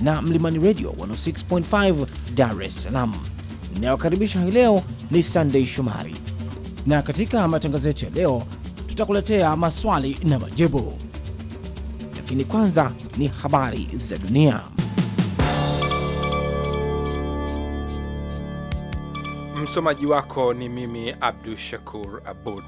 na Mlimani Radio 106.5 Dar es Salaam. Inayokaribisha hii leo ni Sunday Shomari, na katika matangazo yetu ya leo tutakuletea maswali na majibu, lakini kwanza ni habari za dunia. Msomaji wako ni mimi Abdu Shakur Abud.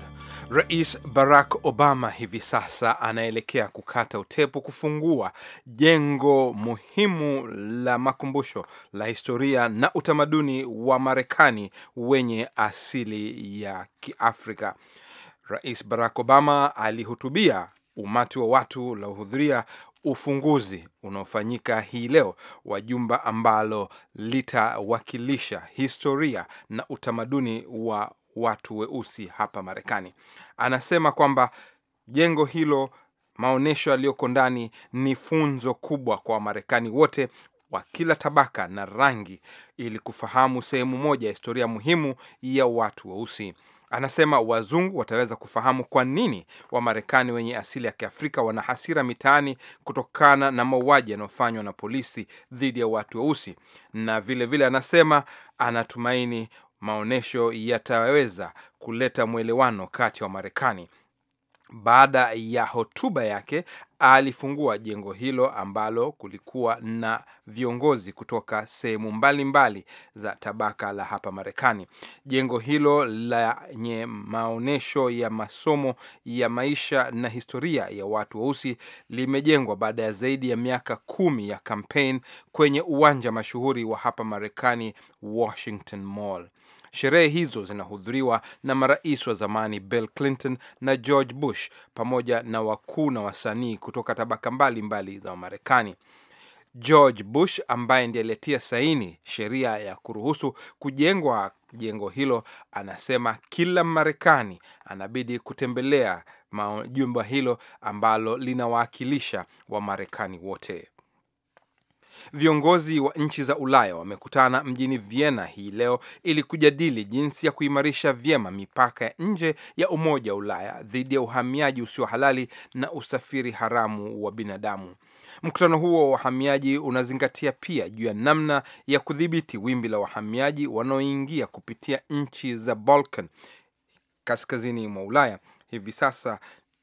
Rais Barack Obama hivi sasa anaelekea kukata utepu kufungua jengo muhimu la makumbusho la historia na utamaduni wa Marekani wenye asili ya Kiafrika. Rais Barack Obama alihutubia umati wa watu uliohudhuria ufunguzi unaofanyika hii leo wa jumba ambalo litawakilisha historia na utamaduni wa watu weusi hapa Marekani. Anasema kwamba jengo hilo, maonyesho yaliyoko ndani ni funzo kubwa kwa Wamarekani wote wa kila tabaka na rangi ili kufahamu sehemu moja ya historia muhimu ya watu weusi. Anasema wazungu wataweza kufahamu kwa nini Wamarekani wenye asili ya Kiafrika wana hasira mitaani kutokana na mauaji yanayofanywa na polisi dhidi ya watu weusi, na vilevile vile anasema anatumaini maonyesho yataweza kuleta mwelewano kati ya Wamarekani. Baada ya hotuba yake alifungua jengo hilo ambalo kulikuwa na viongozi kutoka sehemu mbalimbali za tabaka la hapa Marekani. Jengo hilo lenye maonyesho ya masomo ya maisha na historia ya watu weusi limejengwa baada ya zaidi ya miaka kumi ya kampeni kwenye uwanja mashuhuri wa hapa Marekani, Washington Mall. Sherehe hizo zinahudhuriwa na marais wa zamani Bill Clinton na George Bush pamoja na wakuu na wasanii kutoka tabaka mbalimbali mbali za Wamarekani. George Bush ambaye ndiye aliyetia saini sheria ya kuruhusu kujengwa jengo hilo anasema kila Marekani anabidi kutembelea jumba hilo ambalo linawaakilisha Wamarekani wote. Viongozi wa nchi za Ulaya wamekutana mjini Vienna hii leo ili kujadili jinsi ya kuimarisha vyema mipaka ya nje ya Umoja wa Ulaya dhidi ya uhamiaji usio halali na usafiri haramu wa binadamu. Mkutano huo wa wahamiaji unazingatia pia juu ya namna ya kudhibiti wimbi la wahamiaji wanaoingia kupitia nchi za Balkan kaskazini mwa Ulaya hivi sasa,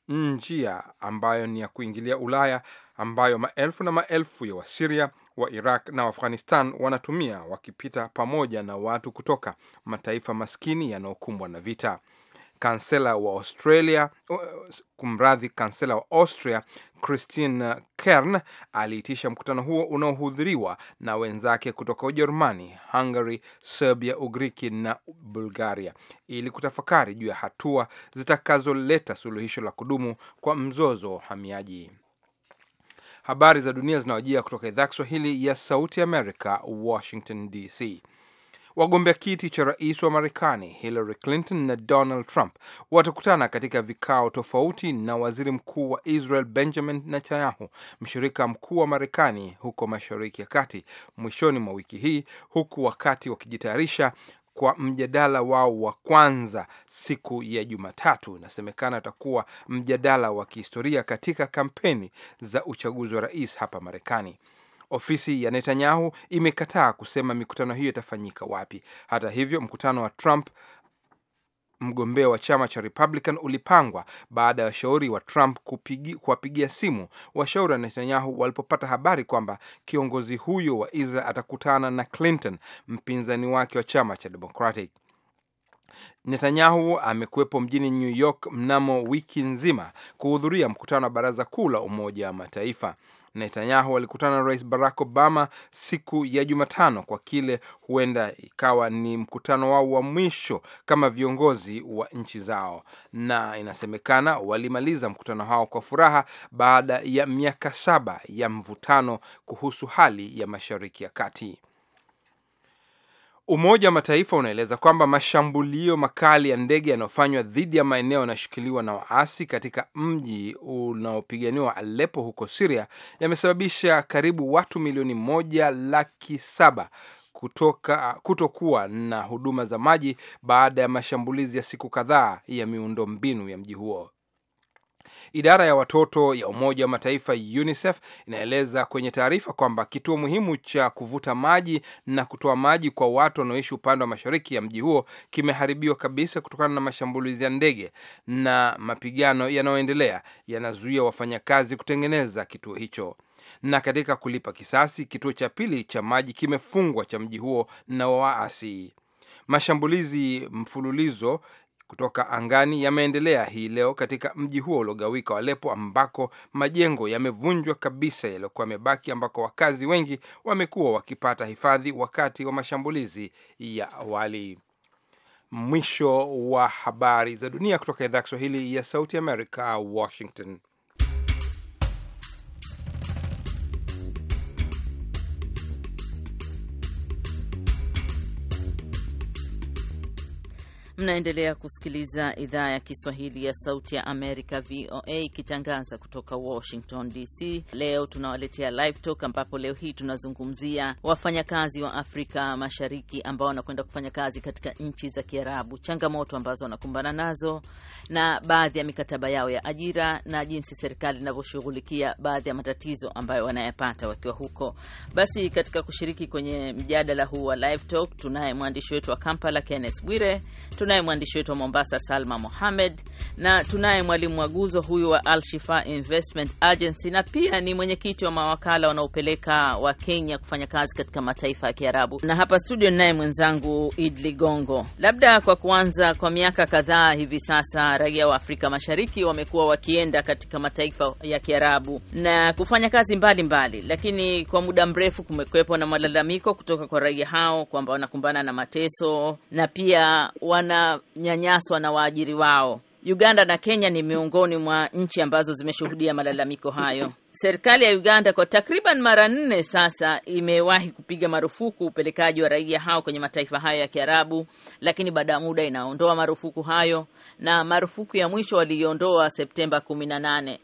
njia ambayo ni ya kuingilia Ulaya ambayo maelfu na maelfu ya Wasiria wa Iraq na Afghanistan wanatumia wakipita pamoja na watu kutoka mataifa maskini yanayokumbwa na vita. Kansela wa Australia, kumradhi, kansela wa Austria Christine Kern aliitisha mkutano huo unaohudhuriwa na wenzake kutoka Ujerumani, Hungary, Serbia, Ugiriki na Bulgaria ili kutafakari juu ya hatua zitakazoleta suluhisho la kudumu kwa mzozo wa uhamiaji. Habari za dunia zinawajia kutoka idhaa Kiswahili ya Sauti Amerika, Washington DC. Wagombea kiti cha rais wa Marekani Hillary Clinton na Donald Trump watakutana katika vikao tofauti na waziri mkuu wa Israel Benjamin Netanyahu, mshirika mkuu wa Marekani huko Mashariki ya Kati mwishoni mwa wiki hii, huku wakati wakijitayarisha kwa mjadala wao wa kwanza siku ya Jumatatu. Inasemekana atakuwa mjadala wa kihistoria katika kampeni za uchaguzi wa rais hapa Marekani. Ofisi ya Netanyahu imekataa kusema mikutano hiyo itafanyika wapi. Hata hivyo, mkutano wa Trump mgombea wa chama cha Republican ulipangwa baada ya washauri wa Trump kuwapigia simu washauri wa Netanyahu walipopata habari kwamba kiongozi huyo wa Israel atakutana na Clinton, mpinzani wake wa chama cha Democratic. Netanyahu amekuwepo mjini New York mnamo wiki nzima kuhudhuria mkutano wa Baraza Kuu la Umoja wa Mataifa. Netanyahu alikutana na Rais Barack Obama siku ya Jumatano kwa kile huenda ikawa ni mkutano wao wa mwisho kama viongozi wa nchi zao, na inasemekana walimaliza mkutano hao kwa furaha baada ya miaka saba ya mvutano kuhusu hali ya Mashariki ya Kati. Umoja wa Mataifa unaeleza kwamba mashambulio makali ya ndege yanayofanywa dhidi ya maeneo yanayoshikiliwa na waasi katika mji unaopiganiwa alepo huko siria yamesababisha karibu watu milioni moja laki saba kutoka kutokuwa na huduma za maji baada ya mashambulizi ya siku kadhaa ya miundo mbinu ya mji huo. Idara ya watoto ya Umoja wa Mataifa UNICEF inaeleza kwenye taarifa kwamba kituo muhimu cha kuvuta maji na kutoa maji kwa watu wanaoishi upande wa mashariki ya mji huo kimeharibiwa kabisa kutokana na mashambulizi ya ndege, na mapigano yanayoendelea yanazuia wafanyakazi kutengeneza kituo hicho na katika kulipa kisasi, kituo cha pili cha maji kimefungwa cha mji huo na waasi. Mashambulizi mfululizo kutoka angani yameendelea hii leo katika mji huo uliogawika wa Aleppo, ambako majengo yamevunjwa kabisa yaliyokuwa yamebaki, ambako wakazi wengi wamekuwa wakipata hifadhi wakati wa mashambulizi ya awali. Mwisho wa habari za dunia kutoka idhaa ya Kiswahili ya Sauti Amerika, Washington. Mnaendelea kusikiliza idhaa ya Kiswahili ya Sauti ya Amerika, VOA, ikitangaza kutoka Washington DC. Leo tunawaletea Live Talk, ambapo leo hii tunazungumzia wafanyakazi wa Afrika Mashariki ambao wanakwenda kufanya kazi katika nchi za Kiarabu, changamoto ambazo wanakumbana nazo na baadhi ya mikataba yao ya ajira na jinsi serikali inavyoshughulikia baadhi ya matatizo ambayo wanayapata wakiwa huko. Basi katika kushiriki kwenye mjadala huu wa Live Talk tunaye mwandishi wetu wa Kampala, Kenneth Bwire tunaye mwandishi wetu wa Mombasa Salma Mohamed, na tunaye mwalimu waguzo huyu wa Al Shifa Investment Agency, na pia ni mwenyekiti wa mawakala wanaopeleka wa Kenya kufanya kazi katika mataifa ya Kiarabu, na hapa studio ninaye mwenzangu Id Ligongo. Labda kwa kuanza, kwa miaka kadhaa hivi sasa raia wa Afrika Mashariki wamekuwa wakienda katika mataifa ya Kiarabu na kufanya kazi mbalimbali mbali. Lakini kwa muda mrefu kumekwepo na malalamiko kutoka kwa raia hao kwamba wanakumbana na mateso na pia wana wananyanyaswa na waajiri wao. Uganda na Kenya ni miongoni mwa nchi ambazo zimeshuhudia malalamiko hayo. Serikali ya Uganda kwa takriban mara nne sasa imewahi kupiga marufuku upelekaji wa raia hao kwenye mataifa hayo ya Kiarabu, lakini baada ya muda inaondoa marufuku hayo, na marufuku ya mwisho waliiondoa Septemba kumi na nane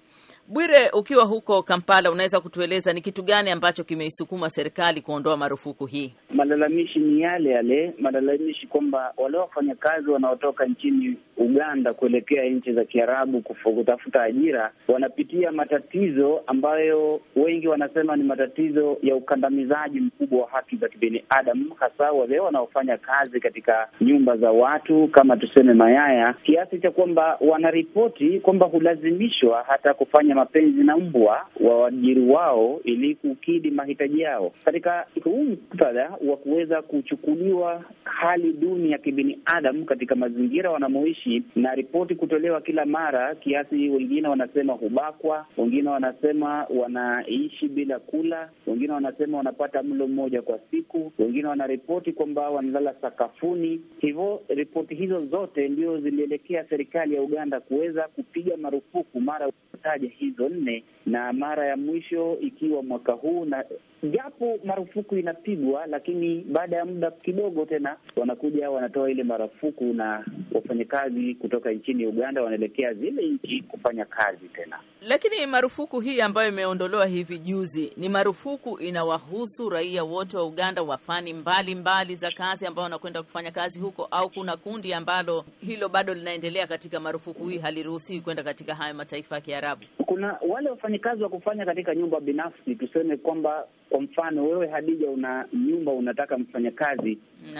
Bwire, ukiwa huko Kampala, unaweza kutueleza ni kitu gani ambacho kimeisukuma serikali kuondoa marufuku hii? Malalamishi ni yale yale, malalamishi kwamba wale wafanyakazi wanaotoka nchini Uganda kuelekea nchi za Kiarabu kutafuta ajira wanapitia matatizo ambayo wengi wanasema ni matatizo ya ukandamizaji mkubwa wa haki za kibinadamu, hasa wale wanaofanya kazi katika nyumba za watu kama tuseme Mayaya, kiasi cha kwamba wanaripoti kwamba hulazimishwa hata kufanya kufanya mapenzi na mbwa wa wajiri wao ili kukidhi mahitaji yao. Katika huu muktadha wa kuweza kuchukuliwa hali duni ya kibinadamu katika mazingira wanamoishi na ripoti kutolewa kila mara kiasi, wengine wanasema hubakwa, wengine wanasema wanaishi bila kula, wengine wanasema wanapata mlo mmoja kwa siku, wengine wanaripoti kwamba wanalala sakafuni. Hivyo ripoti hizo zote ndio zilielekea serikali ya Uganda kuweza kupiga marufuku mara utaja hizo nne, na mara ya mwisho ikiwa mwaka huu, na japo marufuku inapigwa, lakini baada ya muda kidogo tena wanakuja wanatoa ile marufuku, na wafanyakazi kutoka nchini Uganda wanaelekea zile nchi kufanya kazi tena. Lakini marufuku hii ambayo imeondolewa hivi juzi, ni marufuku inawahusu raia wote wa Uganda wa fani mbalimbali mbali za kazi ambao wanakwenda kufanya kazi huko, au kuna kundi ambalo hilo bado linaendelea katika marufuku hii, haliruhusiwi kwenda katika haya mataifa ya Kiarabu? kuna wale wafanyikazi wa kufanya katika nyumba binafsi, tuseme kwamba kwa mfano wewe Hadija, una nyumba unataka mfanyakazi,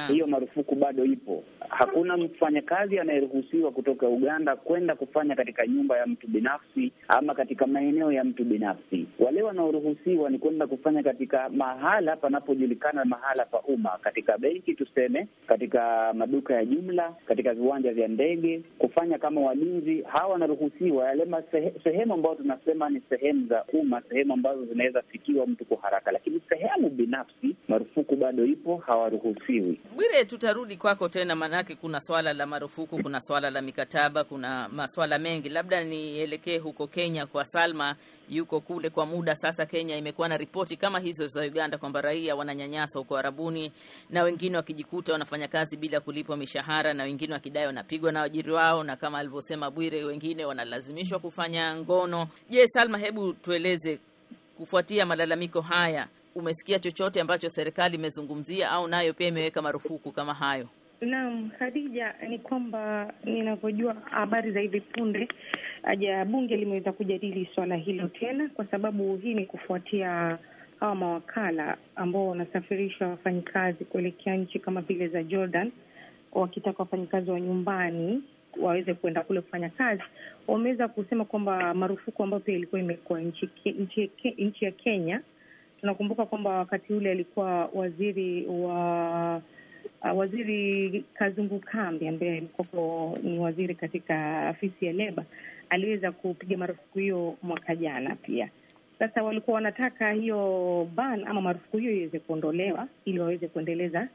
hiyo marufuku bado ipo. Hakuna mfanyakazi anayeruhusiwa kutoka Uganda kwenda kufanya katika nyumba ya mtu binafsi ama katika maeneo ya mtu binafsi. Wale wanaoruhusiwa ni kwenda kufanya katika mahala panapojulikana, mahala pa umma, katika benki tuseme, katika maduka ya jumla, katika viwanja vya ndege, kufanya kama walinzi. Hawa wanaruhusiwa yale sehemu ambazo tunasema ni sehemu za umma, sehemu ambazo zinaweza fikiwa mtu kwa haraka lakini sehemu binafsi marufuku bado ipo, hawaruhusiwi. Bwire, tutarudi kwako tena, maanake kuna swala la marufuku, kuna swala la mikataba, kuna maswala mengi. Labda nielekee huko Kenya kwa Salma, yuko kule kwa muda sasa. Kenya imekuwa na ripoti kama hizo za Uganda kwamba raia wananyanyaswa huko Arabuni, na wengine wakijikuta wanafanya kazi bila kulipwa mishahara, na wengine wakidai wanapigwa na wajiri wao, na kama alivyosema Bwire, wengine wanalazimishwa kufanya ngono. Je, Salma, hebu tueleze Kufuatia malalamiko haya, umesikia chochote ambacho serikali imezungumzia au nayo pia imeweka marufuku kama hayo? Naam, Khadija, ni kwamba ninavyojua habari za hivi punde aja bunge limeweza kujadili swala hilo tena, kwa sababu hii ni kufuatia hawa mawakala ambao wanasafirisha wafanyikazi kuelekea nchi kama vile za Jordan, wakitaka wafanyikazi wa nyumbani waweze kuenda kule kufanya kazi, wameweza kusema kwamba marufuku ambayo pia ilikuwa imekuwa nchi, nchi, nchi ya Kenya. Tunakumbuka kwamba wakati ule alikuwa waziri wa uh, waziri Kazungu Kambi ambaye alikuwako ni waziri katika afisi ya leba aliweza kupiga marufuku hiyo mwaka jana pia. Sasa walikuwa wanataka hiyo ban ama marufuku hiyo iweze kuondolewa ili waweze kuendeleza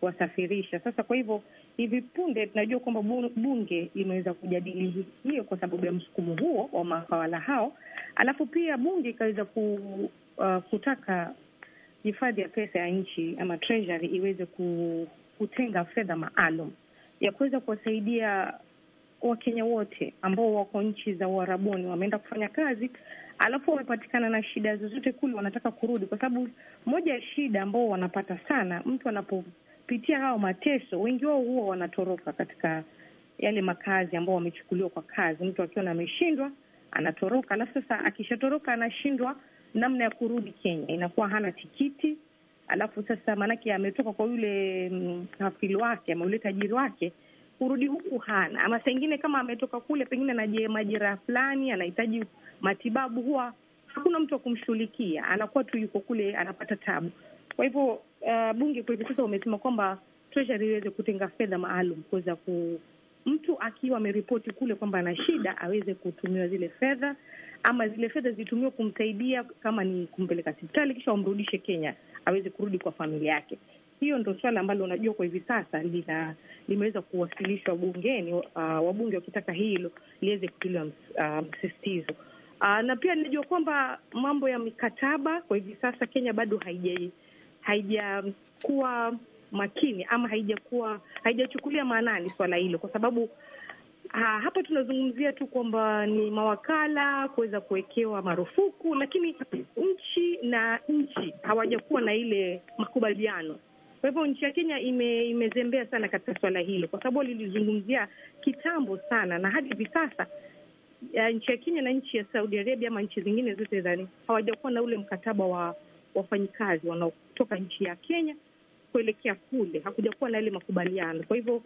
kuwasafirisha. Sasa kwa hivyo, hivi punde tunajua kwamba bunge imeweza kujadili hiyo kwa sababu ya msukumo huo wa mawakala hao, alafu pia bunge ikaweza ku, uh, kutaka hifadhi ya pesa ya nchi ama treasury iweze kutenga fedha maalum ya kuweza kuwasaidia Wakenya wote ambao wako nchi za uharabuni wameenda kufanya kazi, alafu wamepatikana na shida zozote kule, wanataka kurudi, kwa sababu moja ya shida ambao wanapata sana, mtu anapo kupitia hao mateso, wengi wao huwa wanatoroka katika yale makazi ambao wamechukuliwa kwa kazi. Mtu akiona ameshindwa anatoroka, alafu sasa akishatoroka anashindwa namna ya kurudi Kenya, inakuwa hana tikiti. Alafu sasa maanake ametoka kwa yule mhafili mm, wake ama yule tajiri wake, kurudi huku hana, ama saingine kama ametoka kule, pengine ana majeraha fulani, anahitaji matibabu, huwa hakuna mtu wa kumshughulikia, anakuwa tu yuko kule, anapata tabu. Kwa hivyo Eh, bunge kwa hivi sasa wamesema kwamba treasury iweze kutenga fedha maalum kuweza ku mtu akiwa ameripoti kule kwamba ana shida aweze kutumiwa zile fedha, ama zile fedha zitumiwe kumsaidia, kama ni kumpeleka hospitali, kisha wamrudishe Kenya aweze kurudi kwa familia yake. Hiyo ndo swala ambalo unajua kwa hivi sasa lina limeweza kuwasilishwa bungeni, uh, wabunge wakitaka hilo liweze kutiliwa uh, uh, na pia ninajua kwamba mambo ya mikataba kwa hivi sasa Kenya bado haijai haijakuwa makini ama haijakuwa haijachukulia maanani swala hilo, kwa sababu ha, ah, hapa tunazungumzia tu kwamba ni mawakala kuweza kuwekewa marufuku, lakini nchi na nchi hawajakuwa na ile makubaliano. Kwa hivyo nchi ya Kenya ime, imezembea sana katika swala hilo, kwa sababu walilizungumzia kitambo sana na hadi hivi sasa eh, nchi ya Kenya na nchi ya Saudi Arabia ama nchi zingine zote zani hawajakuwa na ule mkataba wa wafanyikazi wanaotoka nchi ya Kenya kuelekea kule. hakuja kuwa na yale makubaliano, kwa hivyo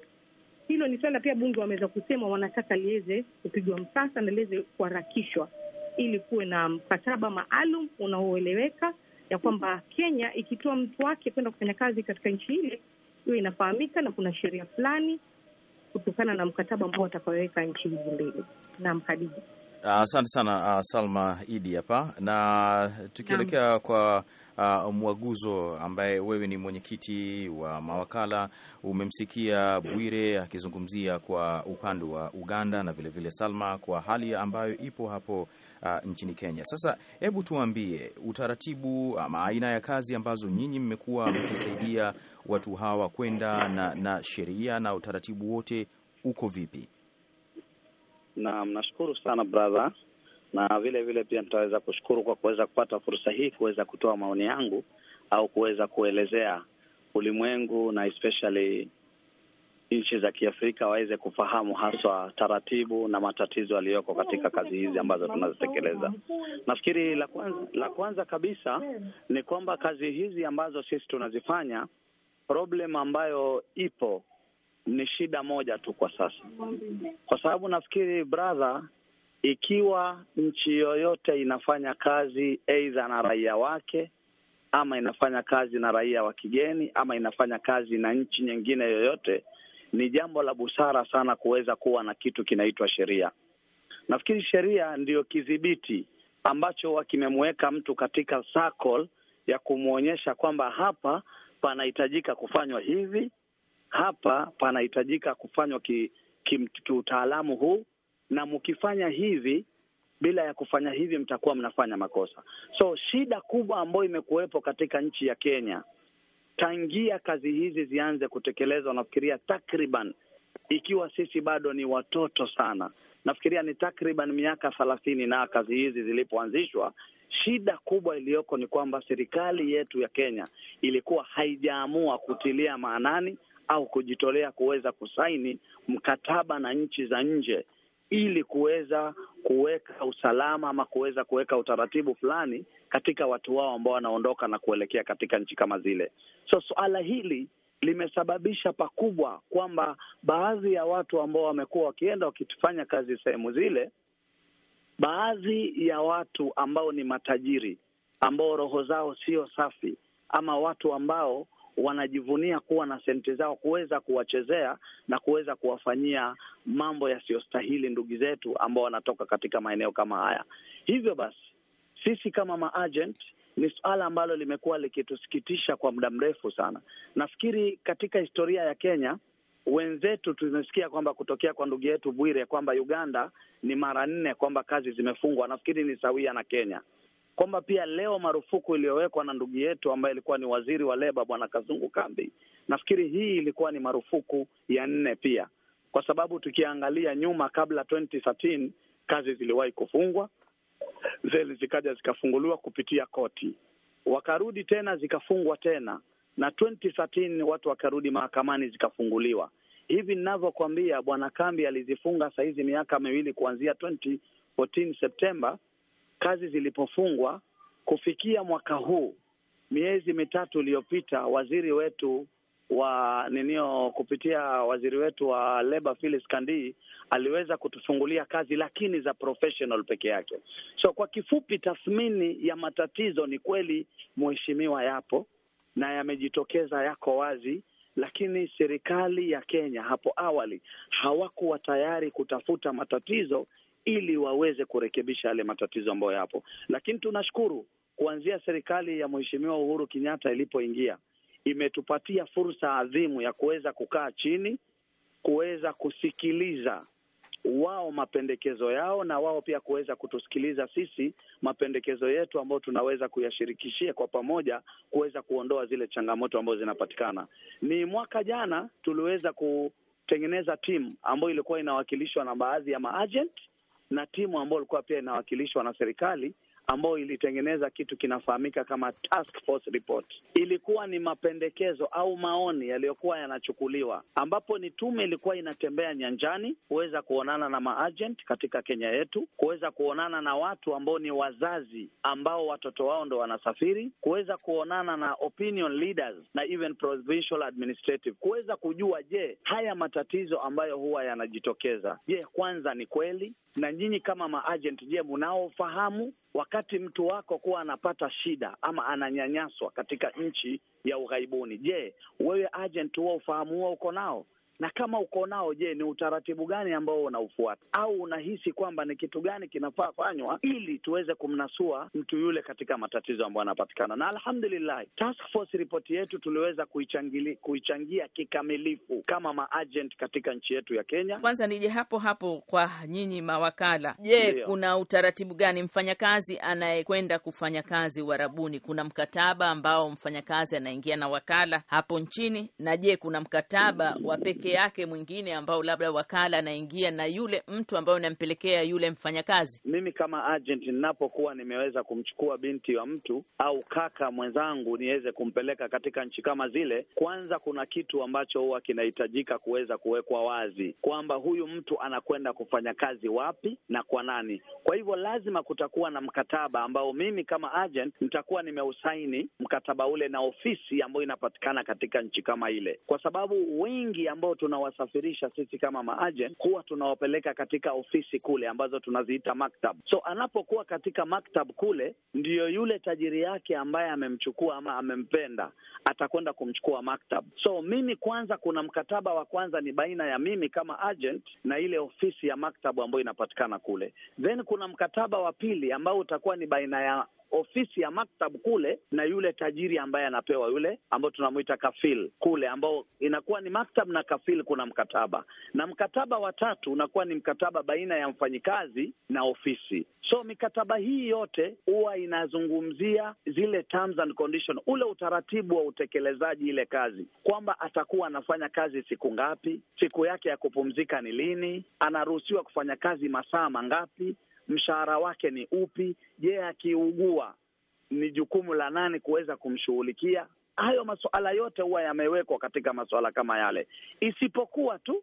hilo ni swala pia bunge wameweza kusema wanataka liweze kupigwa msasa na liweze kuharakishwa ili kuwe na mkataba maalum unaoeleweka ya kwamba Kenya ikitoa mtu wake kwenda kufanya kazi katika nchi ile hiyo inafahamika, na kuna sheria fulani kutokana na mkataba ambao watakaweka nchi hizi mbili. Naam, Khadija. Ah, asante uh, sana uh, Salma Idi hapa na tukielekea kwa uh, mwaguzo ambaye wewe ni mwenyekiti wa mawakala. Umemsikia Bwire akizungumzia kwa upande wa Uganda na vilevile vile Salma kwa hali ambayo ipo hapo uh, nchini Kenya. Sasa hebu tuambie utaratibu ama aina ya kazi ambazo nyinyi mmekuwa mkisaidia watu hawa kwenda na, na sheria na utaratibu wote uko vipi? Naam, nashukuru sana brother, na vile vile pia nitaweza kushukuru kwa kuweza kupata fursa hii kuweza kutoa maoni yangu au kuweza kuelezea ulimwengu na especially nchi za Kiafrika waweze kufahamu haswa taratibu na matatizo yaliyoko katika kazi hizi ambazo tunazitekeleza. Nafikiri la kwanza, la kwanza kabisa ni kwamba kazi hizi ambazo sisi tunazifanya, problem ambayo ipo ni shida moja tu kwa sasa, kwa sababu nafikiri brother, ikiwa nchi yoyote inafanya kazi aidha na raia wake ama inafanya kazi na raia wa kigeni ama inafanya kazi na nchi nyingine yoyote, ni jambo la busara sana kuweza kuwa na kitu kinaitwa sheria. Nafikiri sheria ndiyo kidhibiti ambacho kimemweka mtu katika circle ya kumwonyesha kwamba hapa panahitajika kufanywa hivi hapa panahitajika kufanywa kiutaalamu ki, huu, na mkifanya hivi bila ya kufanya hivi mtakuwa mnafanya makosa. So shida kubwa ambayo imekuwepo katika nchi ya Kenya tangia kazi hizi zianze kutekelezwa, nafikiria takriban, ikiwa sisi bado ni watoto sana, nafikiria ni takriban miaka thelathini na kazi hizi zilipoanzishwa. Shida kubwa iliyoko ni kwamba serikali yetu ya Kenya ilikuwa haijaamua kutilia maanani au kujitolea kuweza kusaini mkataba na nchi za nje ili kuweza kuweka usalama ama kuweza kuweka utaratibu fulani katika watu wao ambao wanaondoka na kuelekea katika nchi kama zile. So suala hili limesababisha pakubwa kwamba baadhi ya watu ambao wamekuwa wakienda wakifanya kazi sehemu zile, baadhi ya watu ambao ni matajiri ambao roho zao sio safi ama watu ambao wanajivunia kuwa na senti zao kuweza kuwachezea na kuweza kuwafanyia mambo yasiyostahili ndugu zetu ambao wanatoka katika maeneo kama haya. Hivyo basi sisi kama maagent ni suala ambalo limekuwa likitusikitisha kwa muda mrefu sana. Nafikiri katika historia ya Kenya wenzetu tumesikia kwamba kutokea kwa ndugu yetu Bwire kwamba Uganda ni mara nne kwamba kazi zimefungwa, nafikiri ni sawia na Kenya kwamba pia leo marufuku iliyowekwa na ndugu yetu ambaye ilikuwa ni waziri wa leba Bwana Kazungu Kambi, nafikiri hii ilikuwa ni marufuku ya nne pia, kwa sababu tukiangalia nyuma, kabla 2013 kazi ziliwahi kufungwa, zeli zikaja zikafunguliwa kupitia koti, wakarudi tena zikafungwa tena, na 2013 watu wakarudi mahakamani zikafunguliwa. Hivi ninavyokwambia, Bwana Kambi alizifunga sahizi miaka miwili kuanzia 2014 Septemba kazi zilipofungwa kufikia mwaka huu, miezi mitatu iliyopita, waziri wetu wa ninio kupitia waziri wetu wa leba Phyllis Kandii aliweza kutufungulia kazi, lakini za professional peke yake. So kwa kifupi, tathmini ya matatizo ni kweli, mheshimiwa, yapo na yamejitokeza, yako wazi, lakini serikali ya Kenya hapo awali hawakuwa tayari kutafuta matatizo ili waweze kurekebisha yale matatizo ambayo yapo. Lakini tunashukuru kuanzia serikali ya Mheshimiwa Uhuru Kenyatta ilipoingia imetupatia fursa adhimu ya kuweza kukaa chini, kuweza kusikiliza wao mapendekezo yao na wao pia kuweza kutusikiliza sisi mapendekezo yetu ambayo tunaweza kuyashirikishia kwa pamoja kuweza kuondoa zile changamoto ambazo zinapatikana. Ni mwaka jana tuliweza kutengeneza timu ambayo ilikuwa inawakilishwa na baadhi ya maagent na timu ambayo ilikuwa pia inawakilishwa na serikali ambayo ilitengeneza kitu kinafahamika kama task force report. Ilikuwa ni mapendekezo au maoni yaliyokuwa yanachukuliwa, ambapo ni tume ilikuwa inatembea nyanjani kuweza kuonana na maagent katika Kenya yetu, kuweza kuonana na watu ambao ni wazazi ambao watoto wao ndo wanasafiri, kuweza kuonana na opinion leaders na even provincial administrative, kuweza kujua, je, haya matatizo ambayo huwa yanajitokeza, je, kwanza ni kweli? Na nyinyi kama maagent, je, munaofahamu wakati mtu wako kuwa anapata shida ama ananyanyaswa katika nchi ya ughaibuni, je, wewe agent huwa ufahamu huo uko nao? na kama uko nao, je, ni utaratibu gani ambao unaufuata au unahisi kwamba ni kitu gani kinafaa fanywa ili tuweze kumnasua mtu yule katika matatizo ambayo anapatikana. Na alhamdulillahi, task force ripoti yetu tuliweza kuichangia kikamilifu kama maagent katika nchi yetu ya Kenya. Kwanza nije hapo hapo kwa nyinyi mawakala, je, kuna utaratibu gani mfanyakazi anayekwenda kufanya kazi Uarabuni? Kuna mkataba ambao mfanyakazi anaingia na wakala hapo nchini, na je kuna mkataba wa pekee peke yake mwingine ambao labda wakala anaingia na yule mtu ambayo unampelekea yule mfanyakazi? Mimi kama agent ninapokuwa nimeweza kumchukua binti wa mtu au kaka mwenzangu niweze kumpeleka katika nchi kama zile, kwanza kuna kitu ambacho huwa kinahitajika kuweza kuwekwa wazi kwamba huyu mtu anakwenda kufanya kazi wapi na kwa nani. Kwa hivyo lazima kutakuwa na mkataba ambao mimi kama agent nitakuwa nimeusaini mkataba ule na ofisi ambayo inapatikana katika nchi kama ile, kwa sababu wengi ambao tunawasafirisha sisi kama maagent, huwa tunawapeleka katika ofisi kule ambazo tunaziita maktab. So anapokuwa katika maktab kule, ndiyo yule tajiri yake ambaye amemchukua ama amempenda atakwenda kumchukua maktab. So mimi kwanza, kuna mkataba wa kwanza ni baina ya mimi kama agent na ile ofisi ya maktabu ambayo inapatikana kule, then kuna mkataba wa pili ambao utakuwa ni baina ya ofisi ya maktab kule na yule tajiri ambaye anapewa yule ambao tunamwita kafil kule, ambao inakuwa ni maktab na kafil, kuna mkataba, na mkataba wa tatu unakuwa ni mkataba baina ya mfanyikazi na ofisi. So mikataba hii yote huwa inazungumzia zile terms and condition, ule utaratibu wa utekelezaji ile kazi, kwamba atakuwa anafanya kazi siku ngapi, siku yake ya kupumzika ni lini, anaruhusiwa kufanya kazi masaa mangapi mshahara wake ni upi? Je, akiugua ni jukumu la nani kuweza kumshughulikia? Hayo masuala yote huwa yamewekwa katika masuala kama yale, isipokuwa tu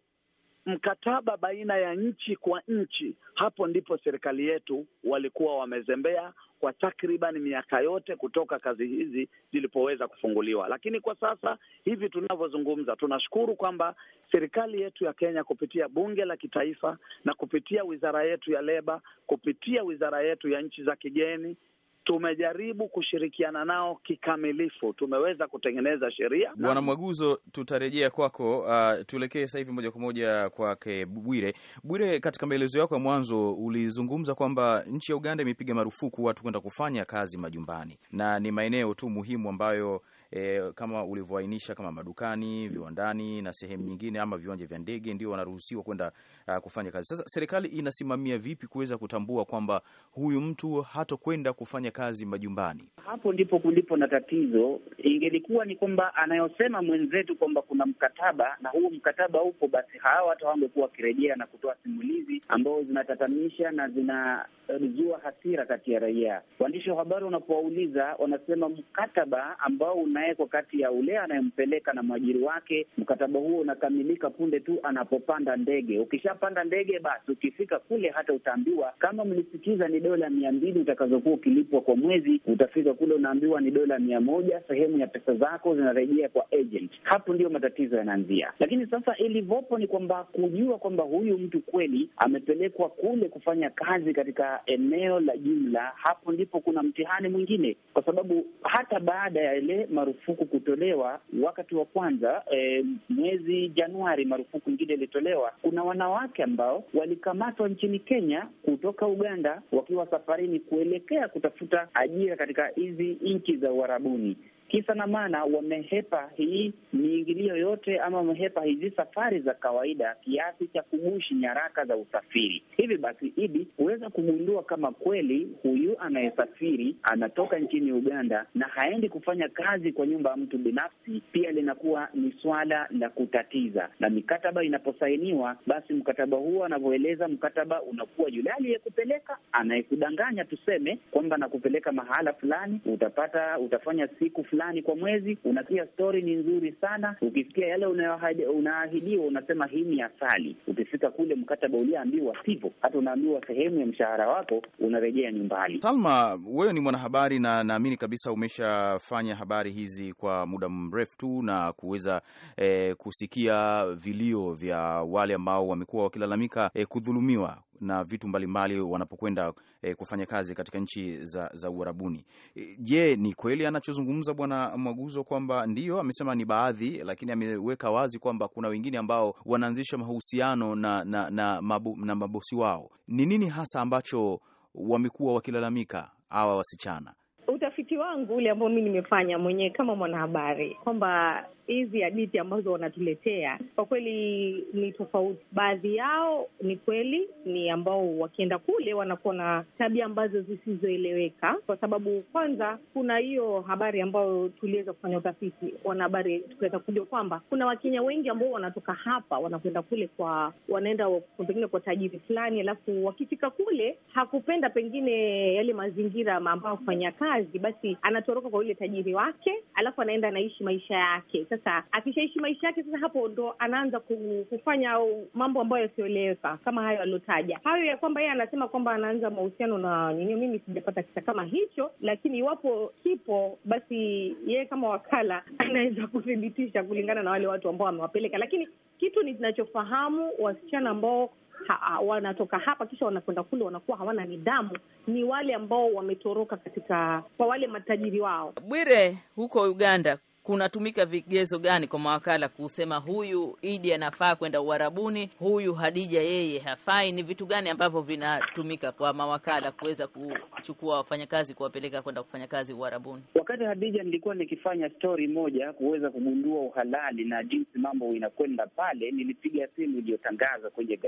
mkataba baina ya nchi kwa nchi. Hapo ndipo serikali yetu walikuwa wamezembea kwa takriban miaka yote kutoka kazi hizi zilipoweza kufunguliwa. Lakini kwa sasa hivi tunavyozungumza, tunashukuru kwamba serikali yetu ya Kenya kupitia bunge la kitaifa na kupitia wizara yetu ya leba, kupitia wizara yetu ya nchi za kigeni tumejaribu kushirikiana nao kikamilifu, tumeweza kutengeneza sheria. Bwana Mwaguzo, tutarejea kwako. Uh, tuelekee sasa hivi moja kwa moja kwake Bwire. Bwire, katika maelezo yako ya mwanzo ulizungumza kwamba nchi ya Uganda imepiga marufuku watu kwenda kufanya kazi majumbani na ni maeneo tu muhimu ambayo e, kama ulivyoainisha, kama madukani, viwandani na sehemu nyingine ama viwanja vya ndege ndio wanaruhusiwa kwenda uh, kufanya kazi. Sasa serikali inasimamia vipi kuweza kutambua kwamba huyu mtu hatokwenda kufanya kazi majumbani? Hapo ndipo kulipo na tatizo. Ingelikuwa ni kwamba anayosema mwenzetu kwamba kuna mkataba na huu mkataba upo, basi hawa hata wangekuwa wakirejea na kutoa simulizi ambao zinatatanisha na zinazua hasira kati ya raia. Waandishi wa habari wanapowauliza wanasema mkataba ambao una unawekwa kati ya ule anayempeleka na mwajiri wake. Mkataba huo unakamilika punde tu anapopanda ndege. Ukishapanda ndege, basi ukifika kule, hata utaambiwa kama mlisikiza ni dola mia mbili utakazokuwa ukilipwa kwa mwezi, utafika kule unaambiwa ni dola mia moja. Sehemu ya pesa zako zinarejea kwa agent. Hapo ndiyo matatizo yanaanzia. Lakini sasa ilivyopo ni kwamba kujua kwamba huyu mtu kweli amepelekwa kule kufanya kazi katika eneo la jumla, hapo ndipo kuna mtihani mwingine, kwa sababu hata baada ya ile marufuku kutolewa wakati wa kwanza e, mwezi Januari marufuku ingine ilitolewa, kuna wanawake ambao walikamatwa nchini Kenya kutoka Uganda wakiwa safarini kuelekea kutafuta ajira katika hizi nchi za Uarabuni. Kisa na maana wamehepa hii miingilio yote ama wamehepa hizi safari za kawaida kiasi cha kugushi nyaraka za usafiri. Hivi basi, Idi huweza kugundua kama kweli huyu anayesafiri anatoka nchini Uganda na haendi kufanya kazi kwa nyumba ya mtu binafsi, pia linakuwa ni swala la kutatiza. Na mikataba inaposainiwa, basi mkataba huo anavyoeleza mkataba unakuwa yule aliyekupeleka anayekudanganya, tuseme kwamba nakupeleka mahala fulani, utapata utafanya siku fulani fulani kwa mwezi, unasikia stori ni nzuri sana. Ukisikia yale unaahidiwa unasema hii ni asali. Ukifika kule mkataba ulioambiwa sivyo, hata unaambiwa sehemu ya mshahara wako unarejea nyumbani. Salma, wewe ni mwanahabari na naamini kabisa umeshafanya habari hizi kwa muda mrefu tu na kuweza eh, kusikia vilio vya wale ambao wamekuwa wakilalamika eh, kudhulumiwa na vitu mbalimbali wanapokwenda e, kufanya kazi katika nchi za, za Uarabuni. Eh, je, ni kweli anachozungumza Bwana Mwaguzo kwamba ndiyo amesema ni baadhi, lakini ameweka wazi kwamba kuna wengine ambao wanaanzisha mahusiano na, na, na, mabu, na mabosi wao. Ni nini hasa ambacho wamekuwa wakilalamika hawa wasichana? Utafiti wangu ule ambao mi nimefanya mwenyewe kama mwanahabari kwamba hizi hadithi ambazo wanatuletea kwa kweli ni tofauti. Baadhi yao ni kweli ni ambao wakienda kule wanakuwa na tabia ambazo zisizoeleweka, kwa sababu kwanza kuna hiyo habari ambayo tuliweza kufanya utafiti, wanahabari tukaweza kujua kwamba kuna Wakenya wengi ambao wanatoka hapa wanakwenda kule kwa wanaenda pengine kwa tajiri fulani, alafu wakifika kule hakupenda pengine yale mazingira ambayo kufanya kazi, basi anatoroka kwa yule tajiri wake, alafu anaenda anaishi maisha yake. Sasa akishaishi maisha yake, sasa hapo ndo anaanza kufanya mambo ambayo yasiyoeleweka kama hayo aliotaja hayo ya kwamba yeye anasema kwamba anaanza mahusiano na nini. Mimi sijapata kisa kama hicho, lakini iwapo kipo, basi yeye kama wakala anaweza kuthibitisha kulingana na wale watu ambao amewapeleka. Lakini kitu ninachofahamu wasichana ambao Ha, wanatoka hapa kisha wanakwenda kule, wanakuwa hawana nidhamu, ni wale ambao wametoroka katika kwa wale matajiri wao. Bwire, huko Uganda kunatumika vigezo gani kwa mawakala kusema huyu Idi anafaa kwenda Uarabuni, huyu Hadija yeye hafai? Ni vitu gani ambavyo vinatumika kwa mawakala kuweza kuchukua wafanyakazi kuwapeleka kwenda kufanya kazi Uarabuni? Wakati Hadija nilikuwa nikifanya stori moja kuweza kugundua uhalali na jinsi mambo inakwenda pale, nilipiga simu iliyotangaza kwenye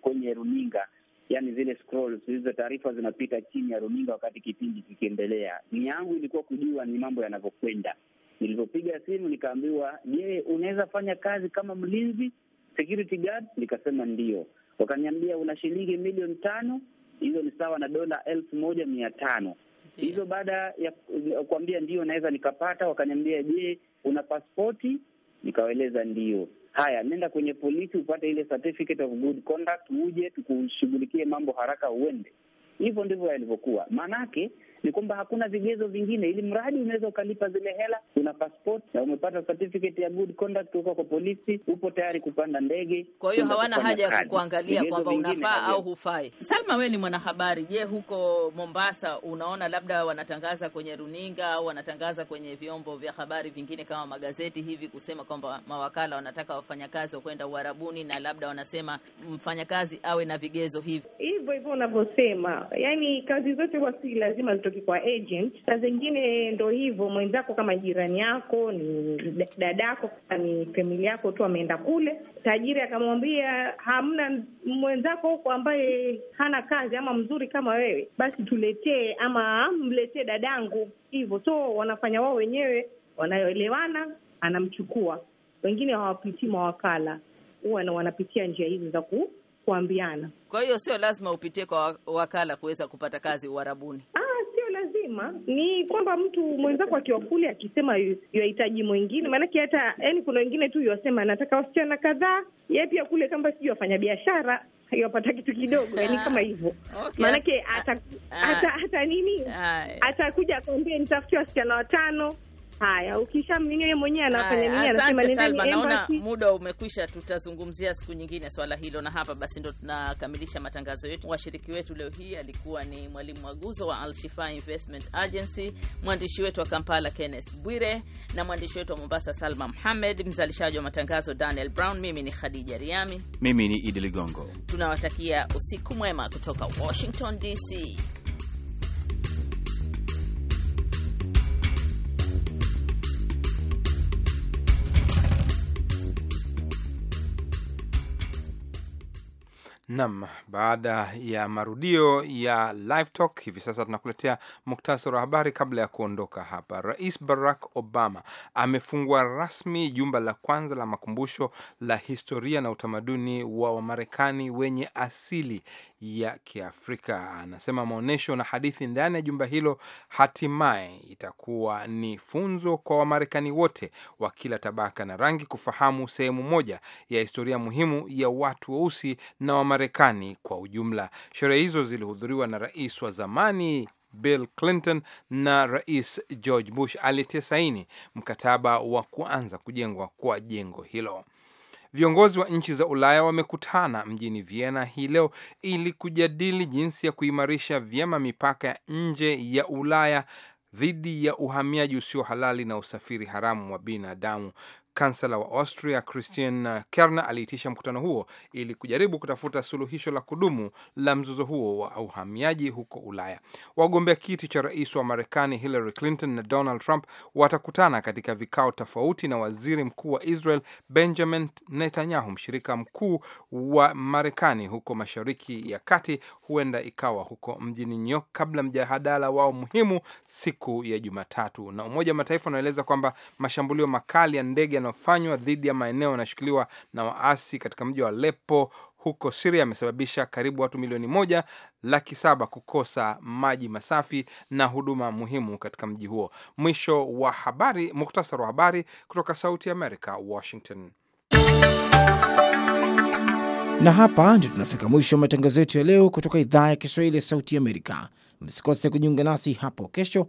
kwenye runinga Yani zile scrolls hizo, taarifa zinapita chini ya runinga wakati kipindi kikiendelea. ni yangu ilikuwa kujua ni mambo yanavyokwenda, Nilipopiga simu nikaambiwa, je, unaweza fanya kazi kama mlinzi security guard? Nikasema ndio. Wakaniambia una shilingi milioni tano, hizo ni sawa na dola elfu moja mia tano hizo. Baada ya kuambia ndio naweza nikapata, wakaniambia je, una paspoti? Nikaeleza ndio. Haya, nenda kwenye polisi upate ile certificate of good conduct, uje tukushughulikie mambo haraka, uende. Hivyo ndivyo yalivyokuwa maanake ni kwamba hakuna vigezo vingine, ili mradi unaweza ukalipa zile hela, una passport na umepata certificate ya good conduct kutoka kwa polisi, upo tayari kupanda ndege. Kwa hiyo hawana haja ya kukuangalia kwamba unafaa au hufai. Salma, wewe ni mwanahabari. Je, huko Mombasa unaona labda wanatangaza kwenye runinga au wanatangaza kwenye vyombo vya habari vingine kama magazeti hivi kusema kwamba mawakala wanataka wafanyakazi wa kwenda Uarabuni na labda wanasema mfanyakazi awe na vigezo hivi hivyo hivyo unavyosema, yani kazi zote wasi lazima hatoki kwa agent. Saa zingine ndo hivyo, mwenzako kama jirani yako ni dadako, kama ni famili yako tu, ameenda kule, tajiri akamwambia hamna mwenzako huko ambaye hana kazi ama mzuri kama wewe, basi tuletee ama mletee dadangu, hivyo. So wanafanya wao wenyewe, wanaoelewana anamchukua. Wengine hawapitii mawakala, huwa wanapitia njia hizi za ku kuambiana. Kwa hiyo sio lazima upitie kwa wakala kuweza kupata kazi Uarabuni. Ah, daima ni kwamba mtu mwenzako akiwa kule akisema yuahitaji mwingine, maanake hata yani, kuna wengine tu yuwasema nataka wasichana kadhaa, ye pia kule kamba sijui wafanya biashara iwapata kitu kidogo, yani ah, kama hivyo okay. Maanake hata ah, ah. nini atakuja akwambia nitafutia wasichana watano Haya, ukishamnini yeye mwenyewe anafanya nini? Anasema nendeni embassy. Muda umekwisha, tutazungumzia siku nyingine swala hilo. Na hapa basi ndo tunakamilisha matangazo yetu. Washiriki wetu leo hii alikuwa ni mwalimu Mwaguzo wa Alshifa Investment Agency, mwandishi wetu wa Kampala Kenneth Bwire na mwandishi wetu wa Mombasa Salma Mohamed, mzalishaji wa matangazo Daniel Brown. Mimi ni Khadija Riami, mimi ni Idi Ligongo. Tunawatakia usiku mwema kutoka Washington DC. Nam, baada ya marudio ya Live Talk hivi sasa tunakuletea muktasari wa habari kabla ya kuondoka hapa. Rais Barack Obama amefungua rasmi jumba la kwanza la makumbusho la historia na utamaduni wa Wamarekani wenye asili ya Kiafrika. Anasema maonyesho na hadithi ndani ya jumba hilo hatimaye itakuwa ni funzo kwa Wamarekani wote wa kila tabaka na rangi kufahamu sehemu moja ya historia muhimu ya watu weusi na wa Marekani kwa ujumla. Sherehe hizo zilihudhuriwa na rais wa zamani Bill Clinton na rais George Bush aliyetia saini mkataba wa kuanza kujengwa kwa jengo hilo. Viongozi wa nchi za Ulaya wamekutana mjini Vienna hii leo ili kujadili jinsi ya kuimarisha vyema mipaka ya nje ya Ulaya dhidi ya uhamiaji usio halali na usafiri haramu wa binadamu. Kansela wa Austria Christian Kerner aliitisha mkutano huo ili kujaribu kutafuta suluhisho la kudumu la mzozo huo wa uhamiaji huko Ulaya. Wagombea kiti cha rais wa Marekani Hillary Clinton na Donald Trump watakutana katika vikao tofauti na waziri mkuu wa Israel Benjamin Netanyahu, mshirika mkuu wa Marekani huko Mashariki ya Kati, huenda ikawa huko mjini New York kabla mjadala wao muhimu siku ya Jumatatu. Na Umoja wa Mataifa unaeleza kwamba mashambulio makali ya ndege unaofanywa dhidi ya maeneo yanayoshikiliwa na waasi katika mji wa Aleppo huko Siria amesababisha karibu watu milioni moja laki saba kukosa maji masafi na huduma muhimu katika mji huo. Mwisho wa habari. Muktasari wa habari kutoka Sauti ya Amerika, Washington. Na hapa ndio tunafika mwisho wa matangazo yetu ya leo kutoka idhaa ya Kiswahili ya Sauti Amerika. Msikose kujiunga nasi hapo kesho